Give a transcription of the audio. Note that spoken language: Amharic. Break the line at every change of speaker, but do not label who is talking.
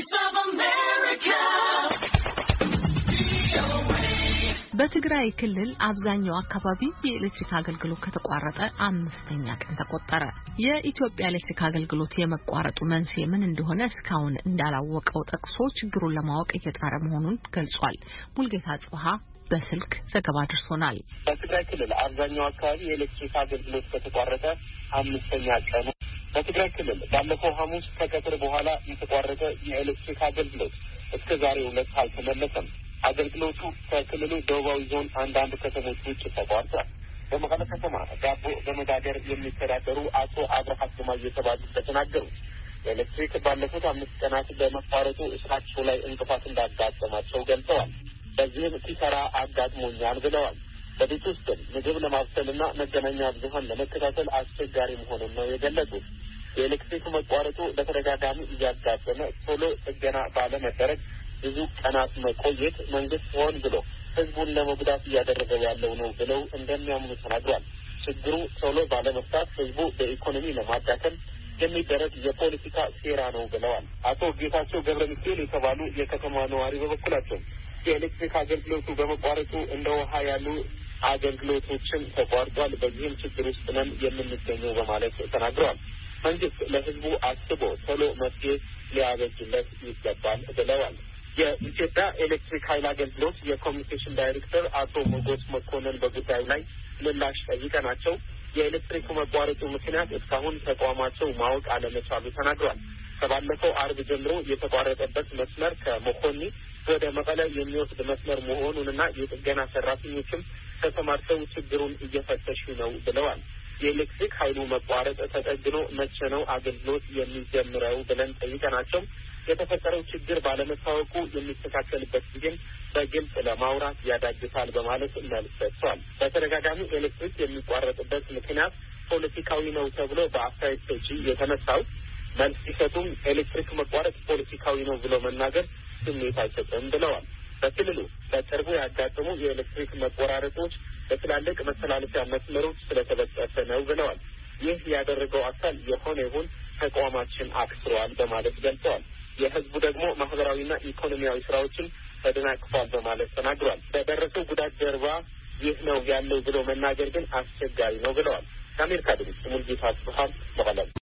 Voice of America.
በትግራይ ክልል አብዛኛው አካባቢ የኤሌክትሪክ አገልግሎት ከተቋረጠ አምስተኛ ቀን ተቆጠረ። የኢትዮጵያ ኤሌክትሪክ አገልግሎት የመቋረጡ መንስኤ ምን እንደሆነ እስካሁን እንዳላወቀው ጠቅሶ ችግሩን ለማወቅ እየጣረ መሆኑን ገልጿል። ሙልጌታ ጽብሃ በስልክ ዘገባ ደርሶናል።
በትግራይ ክልል አብዛኛው አካባቢ የኤሌክትሪክ አገልግሎት ከተቋረጠ አምስተኛ ቀን በትግራይ ክልል ባለፈው ሐሙስ ከቀትር በኋላ የተቋረጠ የኤሌክትሪክ አገልግሎት እስከ ዛሬ ዕለት አልተመለሰም። አገልግሎቱ ከክልሉ ደቡባዊ ዞን አንዳንድ ከተሞች ውጭ ተቋርጧል። በመቀለ ከተማ ዳቦ በመጋገር የሚተዳደሩ አቶ አብርሃ ግማ እየተባሉ ተናገሩ። ኤሌክትሪክ ባለፉት አምስት ቀናት በመቋረጡ እስራቸው ላይ እንቅፋት እንዳጋጠማቸው ገልጸዋል። በዚህም ሲሰራ አጋጥሞኛል ብለዋል። በቤት ውስጥ ምግብ ለማብሰልና መገናኛ ብዙሀን ለመከታተል አስቸጋሪ መሆኑን ነው የገለጹት። የኤሌክትሪክ መቋረጡ በተደጋጋሚ እያጋጠመ ቶሎ ጥገና ባለመደረግ ብዙ ቀናት መቆየት መንግስት ሆን ብሎ ህዝቡን ለመጉዳት እያደረገው ያለው ነው ብለው እንደሚያምኑ ተናግሯል። ችግሩ ቶሎ ባለመፍታት ህዝቡ በኢኮኖሚ ለማዳከም የሚደረግ የፖለቲካ ሴራ ነው ብለዋል። አቶ ጌታቸው ገብረ ሚካኤል የተባሉ የከተማ ነዋሪ በበኩላቸው የኤሌክትሪክ አገልግሎቱ በመቋረጡ እንደ ውሃ ያሉ አገልግሎቶችን ተቋርጧል። በዚህም ችግር ውስጥ ነን የምንገኘው በማለት ተናግረዋል። መንግስት ለህዝቡ አስቦ ቶሎ መፍትሄ ሊያበጅለት ይገባል ብለዋል። የኢትዮጵያ ኤሌክትሪክ ኃይል አገልግሎት የኮሚኒኬሽን ዳይሬክተር አቶ ሞጎስ መኮንን በጉዳዩ ላይ ምላሽ ጠይቀናቸው የኤሌክትሪክ መቋረጡ ምክንያት እስካሁን ተቋማቸው ማወቅ አለመቻሉ ተናግሯል። ከባለፈው አርብ ጀምሮ የተቋረጠበት መስመር ከመኮኒ ወደ መቀለ የሚወስድ መስመር መሆኑንና የጥገና ሰራተኞችም ተሰማርተው ችግሩን እየፈተሹ ነው ብለዋል። የኤሌክትሪክ ኃይሉ መቋረጥ ተጠግኖ መቼ ነው አገልግሎት የሚጀምረው ብለን ጠይቀናቸው የተፈጠረው ችግር ባለመታወቁ የሚስተካከልበት ጊዜም በግልጽ ለማውራት ያዳግታል በማለት መልስ ሰጥቷል። በተደጋጋሚ ኤሌክትሪክ የሚቋረጥበት ምክንያት ፖለቲካዊ ነው ተብሎ በአስተያየት ሰጪ የተነሳው መልስ ሲሰጡም ኤሌክትሪክ መቋረጥ ፖለቲካዊ ነው ብሎ መናገር ስሜት አይሰጥም ብለዋል። በክልሉ በቅርቡ ያጋጠሙ የኤሌክትሪክ መቆራረጦች በትላልቅ መተላለፊያ መስመሮች ስለተበጠሰ ነው ብለዋል። ይህ ያደረገው አካል የሆነ ይሁን ተቋማችን አክስሯል በማለት ገልጸዋል። የህዝቡ ደግሞ ማህበራዊና ኢኮኖሚያዊ ስራዎችን ተደናቅፏል በማለት ተናግሯል። በደረሰው ጉዳት ጀርባ ይህ ነው ያለው ብሎ መናገር ግን አስቸጋሪ ነው ብለዋል። ከአሜሪካ ድምጽ ሙልጌታ አጽብሃም መቀለም